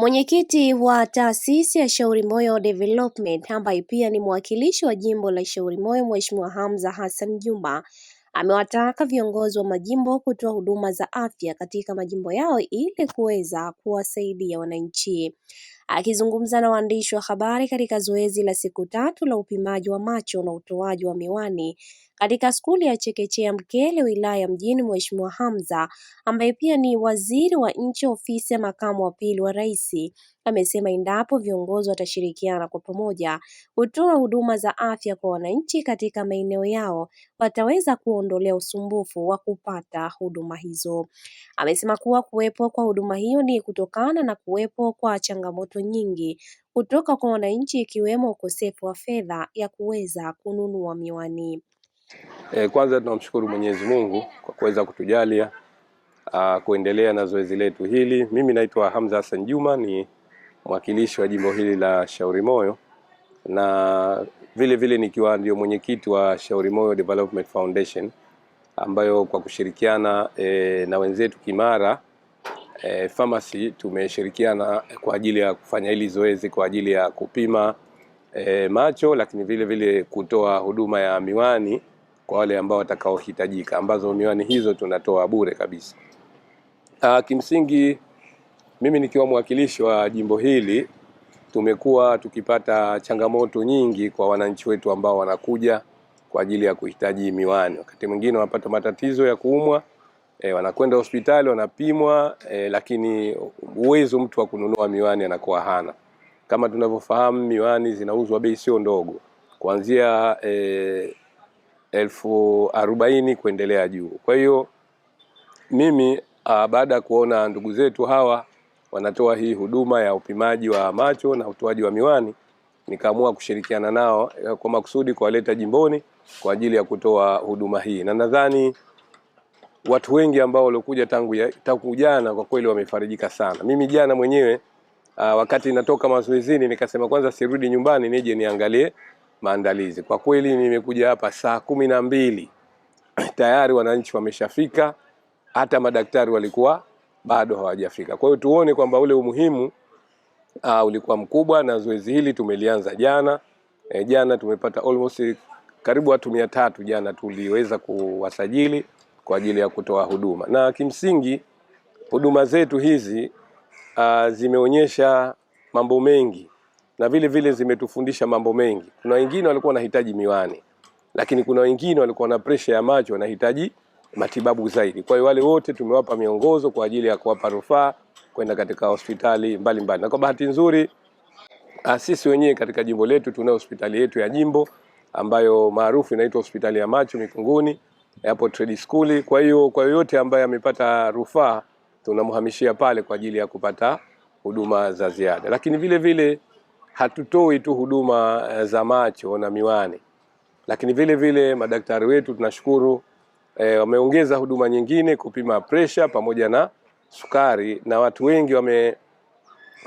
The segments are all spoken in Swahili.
Mwenyekiti wa taasisi ya Shauri Moyo Development ambaye pia ni mwakilishi wa jimbo la Shauri Moyo Mheshimiwa Hamza Hassan Juma amewataka viongozi wa majimbo kutoa huduma za afya katika majimbo yao ili kuweza kuwasaidia wananchi akizungumza na waandishi wa habari katika zoezi la siku tatu la upimaji wa macho na utoaji wa miwani katika skuli ya chekechea Mkele, wilaya mjini, Mheshimiwa Hamza ambaye pia ni waziri wa nchi ofisi ya makamu wa pili wa rais amesema endapo viongozi watashirikiana kwa pamoja kutoa huduma za afya kwa wananchi katika maeneo yao wataweza kuondolea usumbufu wa kupata huduma hizo. Amesema kuwa kuwepo kwa huduma hiyo ni kutokana na kuwepo kwa changamoto nyingi kutoka kwa wananchi ikiwemo ukosefu wa fedha ya kuweza kununua miwani. E, kwanza tunamshukuru Mwenyezi Mungu kwa kuweza kutujalia a, ah, kuendelea na zoezi letu hili. Mimi naitwa Hamza Hassan Juma ni mwakilishi wa jimbo hili la Shauri Moyo na vile vile nikiwa ndio mwenyekiti wa Shauri Moyo Development Foundation ambayo kwa kushirikiana e, na wenzetu Kimara e, pharmacy tumeshirikiana kwa ajili ya kufanya hili zoezi kwa ajili ya kupima e, macho, lakini vile vile kutoa huduma ya miwani kwa wale ambao watakaohitajika, ambazo miwani hizo tunatoa bure kabisa. A, ah, kimsingi mimi nikiwa mwakilishi wa jimbo hili tumekuwa tukipata changamoto nyingi kwa wananchi wetu ambao wanakuja kwa ajili ya kuhitaji miwani. Wakati mwingine wanapata matatizo ya kuumwa e, wanakwenda hospitali wanapimwa e, lakini uwezo mtu wa kununua miwani anakuwa hana. Kama tunavyofahamu miwani zinauzwa bei sio ndogo, kuanzia e, elfu arobaini kuendelea juu. Kwa hiyo mimi baada ya kuona ndugu zetu hawa wanatoa hii huduma ya upimaji wa macho na utoaji wa miwani, nikaamua kushirikiana nao kwa makusudi kuwaleta jimboni kwa ajili ya kutoa huduma hii, na nadhani watu wengi ambao waliokuja tangu, tangu jana kwa kweli wamefarijika sana. Mimi jana mwenyewe uh, wakati natoka mazoezini nikasema kwanza sirudi nyumbani nije niangalie maandalizi. Kwa kweli nimekuja hapa saa kumi na mbili tayari wananchi wameshafika, hata madaktari walikuwa bado hawajafika. Kwa hiyo tuone kwamba ule umuhimu uh, ulikuwa mkubwa na zoezi hili tumelianza jana. E, jana tumepata almost karibu watu mia tatu jana tuliweza kuwasajili kwa ajili ya kutoa huduma, na kimsingi huduma zetu hizi uh, zimeonyesha mambo mengi na vile vile zimetufundisha mambo mengi. Kuna wengine walikuwa wanahitaji miwani, lakini kuna wengine walikuwa na presha ya macho wanahitaji matibabu zaidi. Kwa hiyo wale wote tumewapa miongozo kwa ajili ya kuwapa rufaa kwenda katika hospitali mbalimbali mbali. Na kwa bahati nzuri ah, sisi wenyewe katika jimbo letu tuna hospitali yetu ya jimbo ambayo maarufu inaitwa hospitali ya macho Mikunguni yapo Trade School. Kwa hiyo kwa yoyote ambaye amepata rufaa tunamhamishia pale kwa ajili ya kupata huduma za ziada, lakini vile vile hatutoi tu huduma eh, za macho na miwani, lakini vile vile madaktari wetu tunashukuru eh, wameongeza e, huduma nyingine kupima presha pamoja na sukari, na watu wengi wame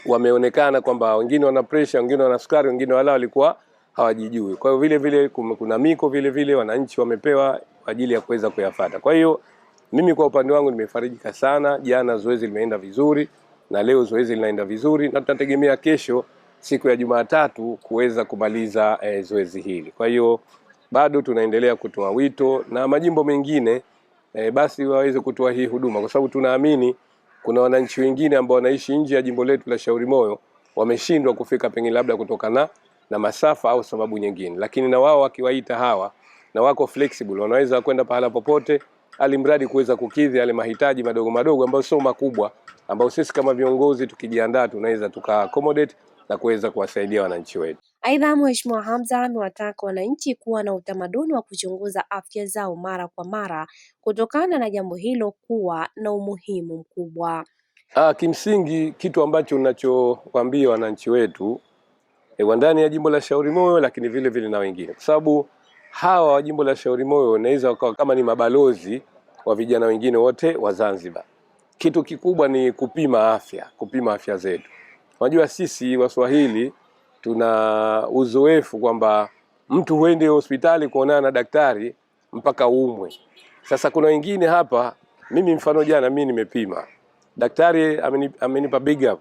wameonekana kwamba wengine wana presha, wengine wana sukari, wengine wala walikuwa hawajijui. Kwa hiyo vile vile kuna miko vile vile wananchi wamepewa kwa ajili ya kuweza kuyafata. Kwa hiyo mimi kwa upande wangu nimefarijika sana. Jana zoezi limeenda vizuri na leo zoezi linaenda vizuri, na tunategemea kesho siku ya Jumatatu kuweza kumaliza e, zoezi hili. Kwa hiyo bado tunaendelea kutoa wito na majimbo mengine e, basi waweze kutoa hii huduma, kwa sababu tunaamini kuna wananchi wengine ambao wanaishi nje ya jimbo letu la shauri moyo wameshindwa kufika, pengine labda kutokana na masafa au sababu nyingine, lakini na wao wakiwaita hawa na wako flexible, wanaweza kwenda pahala popote, alimradi kuweza kukidhi yale mahitaji madogo madogo ambayo sio makubwa, ambayo sisi kama viongozi tukijiandaa tunaweza tuka accommodate na kuweza kuwasaidia wananchi wetu. Aidha, Mheshimiwa Hamza amewataka wananchi kuwa na utamaduni wa kuchunguza afya zao mara kwa mara kutokana na jambo hilo kuwa na umuhimu mkubwa. Ah, kimsingi kitu ambacho unachowaambia wananchi wetu e, wa ndani ya jimbo la Shauri Moyo, lakini vile vile na wengine kwa sababu hawa wa jimbo la Shauri Moyo wanaweza wakawa kama ni mabalozi wa vijana wengine wote wa Zanzibar. Kitu kikubwa ni kupima afya, kupima afya zetu. Unajua sisi Waswahili tuna uzoefu kwamba mtu huende hospitali kuonana na daktari mpaka umwe. Sasa kuna wengine hapa, mimi mfano jana mimi nimepima, daktari amenipa big up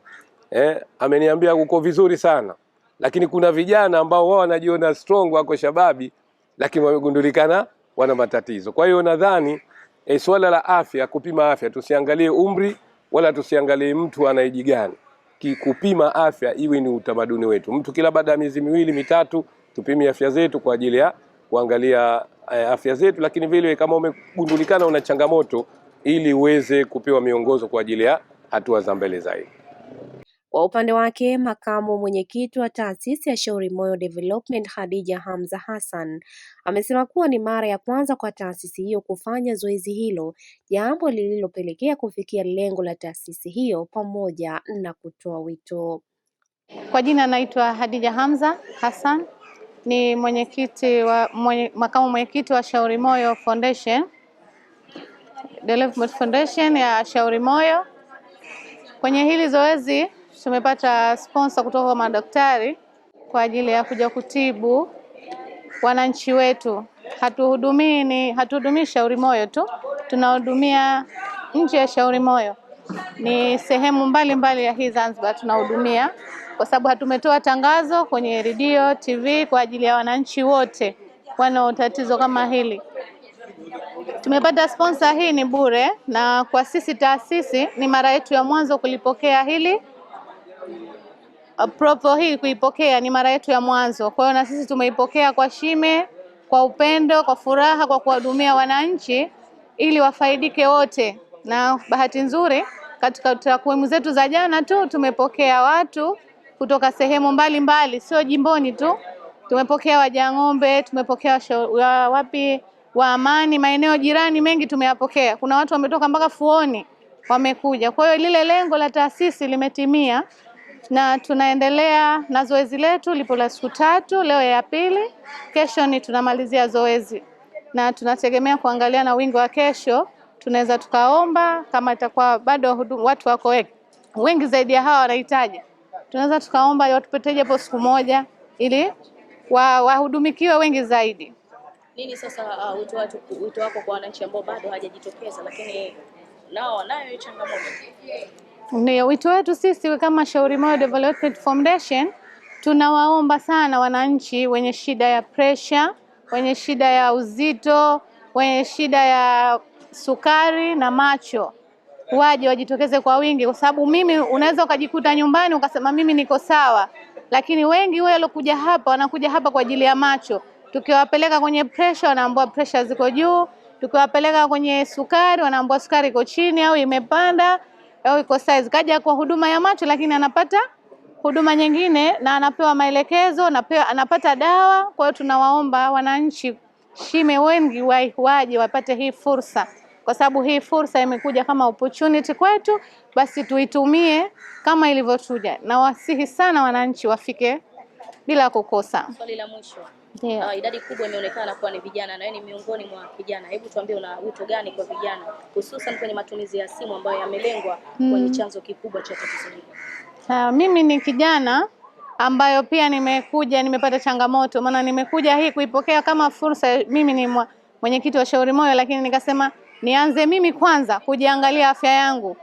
eh, ameniambia uko vizuri sana, lakini kuna vijana ambao wao wanajiona strong, wako shababi lakini wamegundulikana wana matatizo. Kwa hiyo nadhani e, swala la afya, kupima afya, tusiangalie umri wala tusiangalie mtu anaiji gani. Kupima afya iwe ni utamaduni wetu, mtu kila baada ya miezi miwili mitatu tupime afya zetu kwa ajili ya kuangalia eh, afya zetu, lakini vile kama umegundulikana una changamoto, ili uweze kupewa miongozo kwa ajili ya hatua za mbele zaidi. Kwa upande wake makamu mwenyekiti wa taasisi ya Shauri Moyo Development Khadija Hamza Hassan amesema kuwa ni mara ya kwanza kwa taasisi hiyo kufanya zoezi hilo, jambo lililopelekea kufikia lengo la taasisi hiyo pamoja na kutoa wito. Kwa jina naitwa Khadija Hamza Hassan ni mwenyekiti wa mwenye, makamu mwenyekiti wa Shauri Moyo Foundation Development Foundation ya Shauri Moyo. Kwenye hili zoezi tumepata sponsor kutoka kwa madaktari kwa ajili ya kuja kutibu wananchi wetu. Hatuhudumii ni hatuhudumii Shauri Moyo tu, tunahudumia nje ya Shauri Moyo, ni sehemu mbalimbali mbali ya hii Zanzibar tunahudumia, kwa sababu hatumetoa tangazo kwenye redio, TV kwa ajili ya wananchi wote wana tatizo kama hili. Tumepata sponsor, hii ni bure, na kwa sisi taasisi ni mara yetu ya mwanzo kulipokea hili propo hii kuipokea ni mara yetu ya mwanzo. Kwa hiyo na sisi tumeipokea kwa shime, kwa upendo, kwa furaha, kwa kuwahudumia wananchi ili wafaidike wote. Na bahati nzuri katika takwimu zetu za jana tu tumepokea watu kutoka sehemu mbalimbali, sio jimboni tu. Tumepokea Wajang'ombe, tumepokea wa wapi wa Amani, maeneo jirani mengi tumeyapokea. Kuna watu wametoka mpaka Fuoni wamekuja. Kwa hiyo lile lengo la taasisi limetimia na tunaendelea na zoezi letu lipo la siku tatu, leo ya pili, kesho ni tunamalizia zoezi, na tunategemea kuangalia na wingi wa kesho, tunaweza tukaomba kama itakuwa bado watu wako wengi zaidi ya hawa wanahitaji, tunaweza tukaomba watupeteje hapo siku moja, ili wahudumikiwe wa wengi zaidi. Nini sasa uh, wito uh, wako kwa wananchi ambao bado hawajajitokeza, lakini nao wanayo changamoto? Ndio wito wetu sisi kama Shauri Moyo Development Foundation, tunawaomba sana wananchi wenye shida ya presha, wenye shida ya uzito, wenye shida ya sukari na macho waje wajitokeze kwa wingi, kwa sababu mimi, unaweza ukajikuta nyumbani ukasema mimi niko sawa, lakini wengi waliokuja hapa wanakuja hapa kwa ajili ya macho. Tukiwapeleka kwenye presha, wanaambua presha ziko juu, tukiwapeleka kwenye sukari, wanaambua sukari iko chini au imepanda iko size, kaja kwa huduma ya macho, lakini anapata huduma nyingine na anapewa maelekezo, anapewa, anapata dawa. Kwa hiyo tunawaomba wananchi shime wengi waje wapate hii fursa, kwa sababu hii fursa imekuja kama opportunity kwetu, basi tuitumie kama ilivyotuja, na wasihi sana wananchi wafike bila kukosa. Swali la mwisho. Ndio. Uh, idadi kubwa imeonekana kuwa ni vijana na wewe ni yaani miongoni mwa vijana. Hebu tuambie una wito gani kwa vijana hususan kwenye matumizi ya simu ambayo yamelengwa mm. kwenye chanzo kikubwa cha tatizo hili? Uh, mimi ni kijana ambayo pia nimekuja nimepata changamoto, maana nimekuja hii kuipokea kama fursa. Mimi ni mwenyekiti wa Shauri Moyo, lakini nikasema nianze mimi kwanza kujiangalia afya yangu.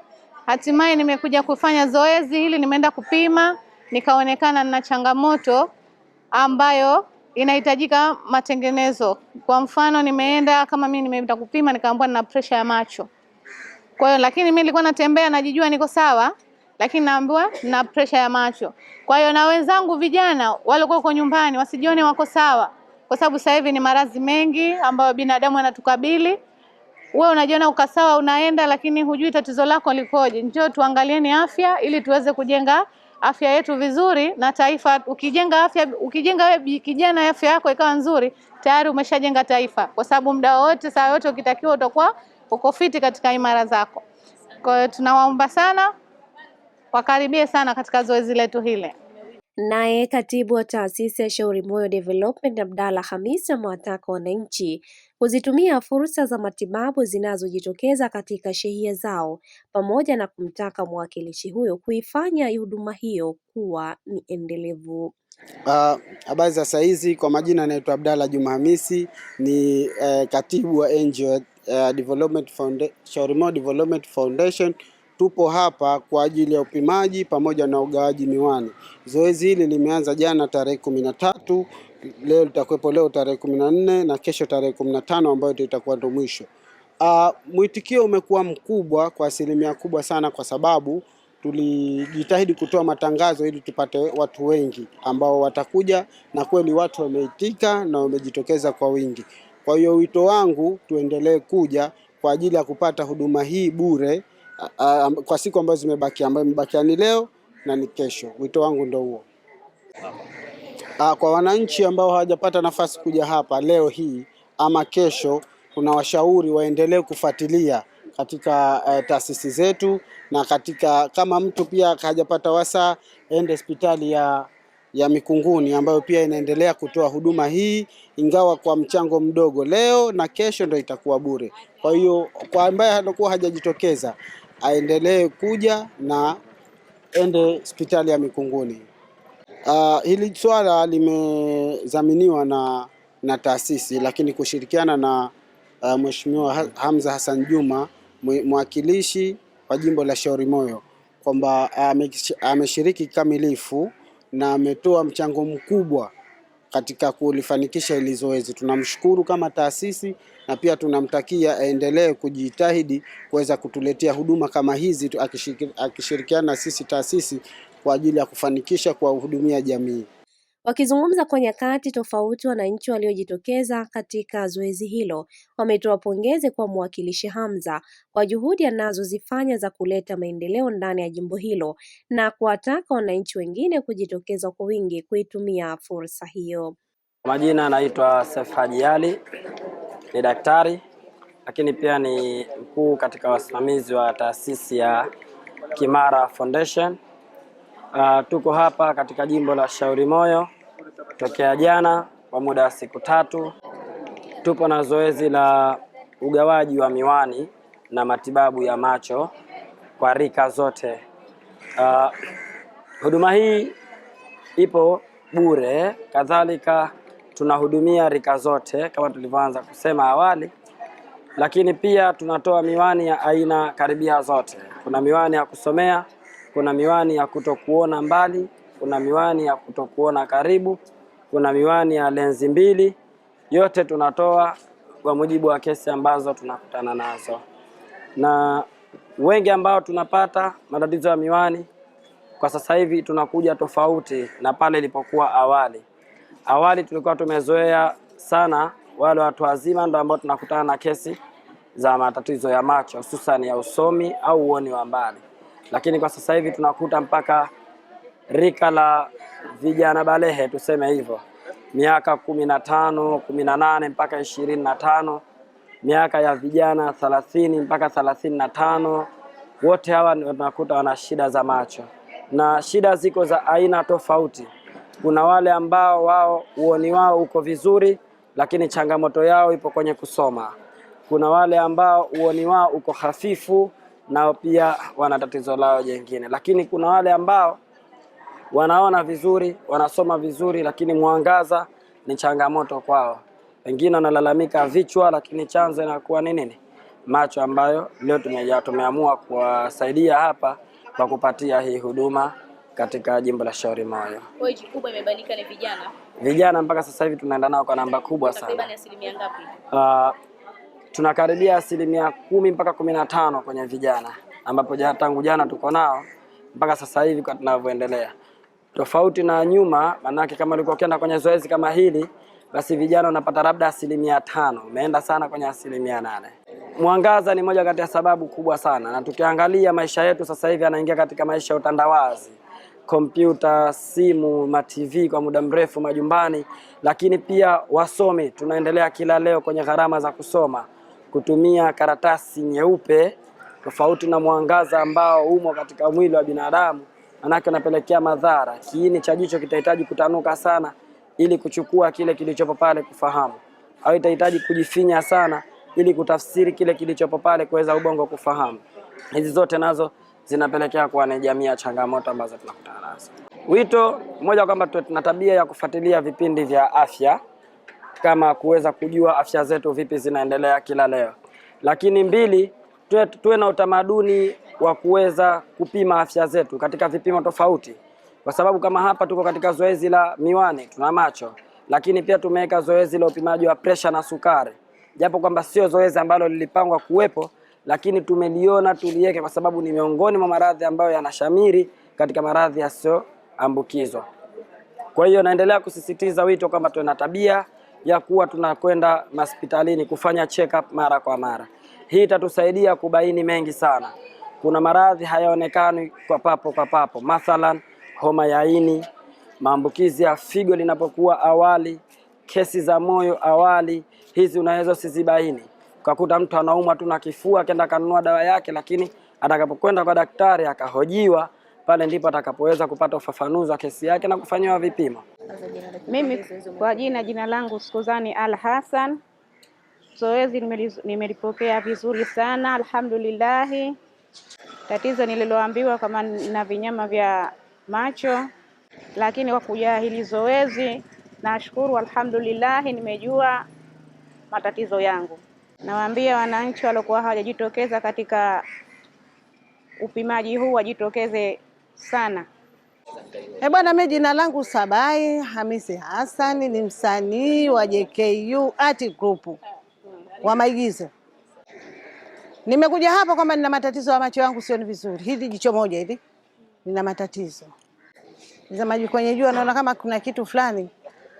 Hatimaye nimekuja kufanya zoezi hili, nimeenda kupima nikaonekana na changamoto ambayo inahitajika matengenezo. Kwa mfano, nimeenda kama mimi nimeenda kupima nikaambiwa nina pressure ya macho. Kwa hiyo lakini mimi nilikuwa natembea najijua niko sawa, lakini naambiwa nina pressure ya macho. Kwa hiyo na wenzangu vijana waliokuwa kwa nyumbani wasijione wako sawa, kwa sababu sasa hivi ni maradhi mengi ambayo binadamu anatukabili. Wewe unajiona uko sawa, unaenda lakini hujui tatizo lako likoje. Njoo tuangalieni afya ili tuweze kujenga afya yetu vizuri na taifa. Ukijenga afya, ukijenga wewe kijana afya yako ikawa nzuri, tayari umeshajenga taifa, kwa sababu muda wote, saa yote ukitakiwa utakuwa uko fiti katika imara zako. Kwa hiyo tunawaomba sana wakaribie sana katika zoezi letu hili. Naye katibu wa taasisi ya Shauri Moyo Development Abdalla Khamis amewataka wananchi kuzitumia fursa za matibabu zinazojitokeza katika shehia zao pamoja na kumtaka mwakilishi huyo kuifanya huduma hiyo kuwa ni endelevu. Ah, habari uh, za saizi, hizi, kwa majina anaitwa Abdalla Juma Hamisi ni uh, katibu wa NGO, uh, eh, Development Foundation, Shauri Moyo Development Foundation tupo hapa kwa ajili ya upimaji pamoja na ugawaji miwani. Zoezi hili limeanza jana tarehe kumi na tatu, leo litakuwepo leo tarehe kumi na nne na kesho tarehe kumi na tano ambayo itakuwa ndo mwisho. Uh, mwitikio umekuwa mkubwa kwa asilimia kubwa sana, kwa sababu tulijitahidi kutoa matangazo ili tupate watu wengi ambao watakuja, na kweli watu wameitika na wamejitokeza kwa wingi. Kwa hiyo wito wangu tuendelee kuja kwa ajili ya kupata huduma hii bure uh, kwa siku ambazo zimebakia, ambayo imebakia ni leo na ni kesho. Wito wangu ndio huo. Uh, kwa wananchi ambao hawajapata nafasi kuja hapa leo hii ama kesho, kuna washauri waendelee kufuatilia katika uh, taasisi zetu na katika, kama mtu pia hajapata wasa ende hospitali ya ya Mikunguni ambayo pia inaendelea kutoa huduma hii, ingawa kwa mchango mdogo. Leo na kesho ndio itakuwa bure. Kwa hiyo kwa ambaye anakuwa hajajitokeza aendelee kuja na ende hospitali ya Mikunguni. Uh, hili swala limezaminiwa na, na taasisi lakini kushirikiana na uh, Mheshimiwa Hamza Hassan Juma mwakilishi wa jimbo la Shauri Moyo kwamba ameshiriki kikamilifu na ametoa mchango mkubwa katika kulifanikisha hili zoezi. Tunamshukuru kama taasisi na pia tunamtakia aendelee kujitahidi kuweza kutuletea huduma kama hizi akishirikiana na sisi taasisi kwa ajili ya kufanikisha kuwahudumia jamii. Wakizungumza kwa nyakati tofauti, wananchi waliojitokeza katika zoezi hilo wametoa pongezi kwa mwakilishi Hamza kwa juhudi anazozifanya za kuleta maendeleo ndani ya jimbo hilo na kuwataka wananchi wengine kujitokeza kwa wingi kuitumia fursa hiyo. Majina anaitwa Seif Haji ni daktari lakini pia ni mkuu katika wasimamizi wa taasisi ya Kimara Foundation. Uh, tuko hapa katika jimbo la Shauri Moyo tokea jana kwa muda wa siku tatu. Tupo na zoezi la ugawaji wa miwani na matibabu ya macho kwa rika zote. Uh, huduma hii ipo bure, kadhalika tunahudumia rika zote kama tulivyoanza kusema awali, lakini pia tunatoa miwani ya aina karibia zote. Kuna miwani ya kusomea kuna miwani ya kutokuona mbali, kuna miwani ya kutokuona karibu, kuna miwani ya lenzi mbili. Yote tunatoa kwa mujibu wa kesi ambazo tunakutana nazo, na wengi ambao tunapata matatizo ya miwani kwa sasa hivi tunakuja tofauti na pale ilipokuwa awali. Awali tulikuwa tumezoea sana wale watu wazima ndio ambao tunakutana na kesi za matatizo ya macho hususan ya usomi au uoni wa mbali lakini kwa sasa hivi tunakuta mpaka rika la vijana balehe tuseme hivyo, miaka kumi na tano kumi na nane mpaka ishirini na tano miaka ya vijana thelathini mpaka thelathini na tano wote hawa tunakuta wana shida za macho, na shida ziko za aina tofauti. Kuna wale ambao wao uoni wao uko vizuri, lakini changamoto yao ipo kwenye kusoma. Kuna wale ambao uoni wao uko hafifu nao pia wana tatizo lao jengine, lakini kuna wale ambao wanaona vizuri, wanasoma vizuri, lakini mwangaza ni changamoto kwao. Wengine wanalalamika vichwa, lakini chanzo inakuwa ni nini? Macho, ambayo leo tumeamua kuwasaidia hapa kwa kupatia hii huduma katika jimbo la Shauri Moyo. Kubwa imebanika ni vijana. Vijana mpaka sasa hivi tunaenda nao kwa namba kubwa sana. Asilimia ngapi? Uh, tunakaribia asilimia kumi mpaka kumi na tano kwenye vijana, ambapo tangu jana tuko nao mpaka sasa hivi kwa tunavyoendelea, tofauti na nyuma. Maanake kama ulikuwa ukienda kwenye zoezi kama hili, basi vijana unapata labda asilimia tano, umeenda sana kwenye asilimia nane. Mwangaza ni moja kati ya sababu kubwa sana, na tukiangalia maisha yetu sasa hivi yanaingia katika maisha ya utandawazi kompyuta, simu, ma TV kwa muda mrefu majumbani, lakini pia wasomi tunaendelea kila leo kwenye gharama za kusoma kutumia karatasi nyeupe, tofauti na mwangaza ambao umo katika mwili wa binadamu, manake unapelekea madhara. Kiini cha jicho kitahitaji kutanuka sana ili kuchukua kile kilichopo pale kufahamu, au itahitaji kujifinya sana ili kutafsiri kile kilichopo pale kuweza ubongo kufahamu. Hizi zote nazo zinapelekea kuwa na jamii ya changamoto ambazo tunakutana nazo. Wito mmoja kwamba tuna tabia ya kufuatilia vipindi vya afya kama kuweza kujua afya zetu vipi zinaendelea kila leo. Lakini mbili, tuwe, tuwe na utamaduni wa kuweza kupima afya zetu katika vipimo tofauti, kwa sababu kama hapa tuko katika zoezi la miwani, tuna macho, lakini pia tumeweka zoezi la upimaji wa presha na sukari, japo kwamba sio zoezi ambalo lilipangwa kuwepo, lakini tumeliona tuliweke, kwa sababu ni miongoni mwa maradhi ambayo yanashamiri katika maradhi yasiyoambukizwa. Kwa hiyo naendelea kusisitiza wito kwamba tuna na tabia ya kuwa tunakwenda hospitalini kufanya check up mara kwa mara. Hii itatusaidia kubaini mengi sana. Kuna maradhi hayaonekani kwa papo kwa papo, mathalan homa ya ini, maambukizi ya figo linapokuwa awali, kesi za moyo awali, hizi unaweza usizibaini. Ukakuta mtu anaumwa tu na kifua, akaenda kanunua dawa yake, lakini atakapokwenda kwa daktari akahojiwa pale ndipo atakapoweza kupata ufafanuzi wa kesi yake na kufanyiwa vipimo. Mimi kwa jina, jina langu Suzani Al Hassan. Zoezi nimelipokea vizuri sana alhamdulillahi. Tatizo nililoambiwa kama na vinyama vya macho, lakini kwa kuja hili zoezi nashukuru alhamdulillahi, nimejua matatizo yangu. Nawaambia wananchi waliokuwa hawajajitokeza katika upimaji huu wajitokeze sana. E bwana, mimi jina langu Sabai Hamisi Hassan, ni msanii wa JKU Art Group wa maigizo. Nimekuja hapa kwamba nina matatizo ya macho yangu, sioni vizuri, hili jicho moja hivi nina matatizo Mtazamaji, kwenye jua naona kama kuna kitu fulani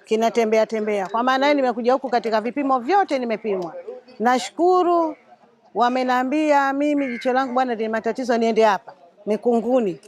kinatembea tembea. Kwa maana hiyo nimekuja huku, katika vipimo vyote nimepimwa, nashukuru. Wamenambia mimi jicho langu bwana lina matatizo, niende hapa Mikunguni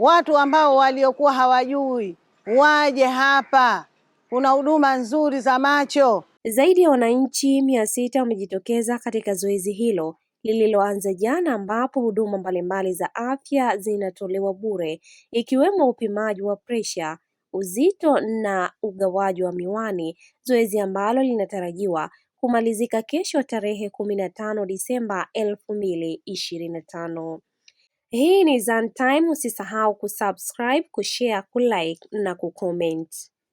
watu ambao waliokuwa hawajui waje hapa, kuna huduma nzuri za macho. Zaidi ya wananchi mia sita wamejitokeza katika zoezi hilo lililoanza jana ambapo huduma mbalimbali za afya zinatolewa bure ikiwemo upimaji wa presha, uzito na ugawaji wa miwani, zoezi ambalo linatarajiwa kumalizika kesho tarehe kumi na tano Disemba elfu mbili ishirini na tano. Hii ni Zantime usisahau kusubscribe, kushare, kulike na kucomment.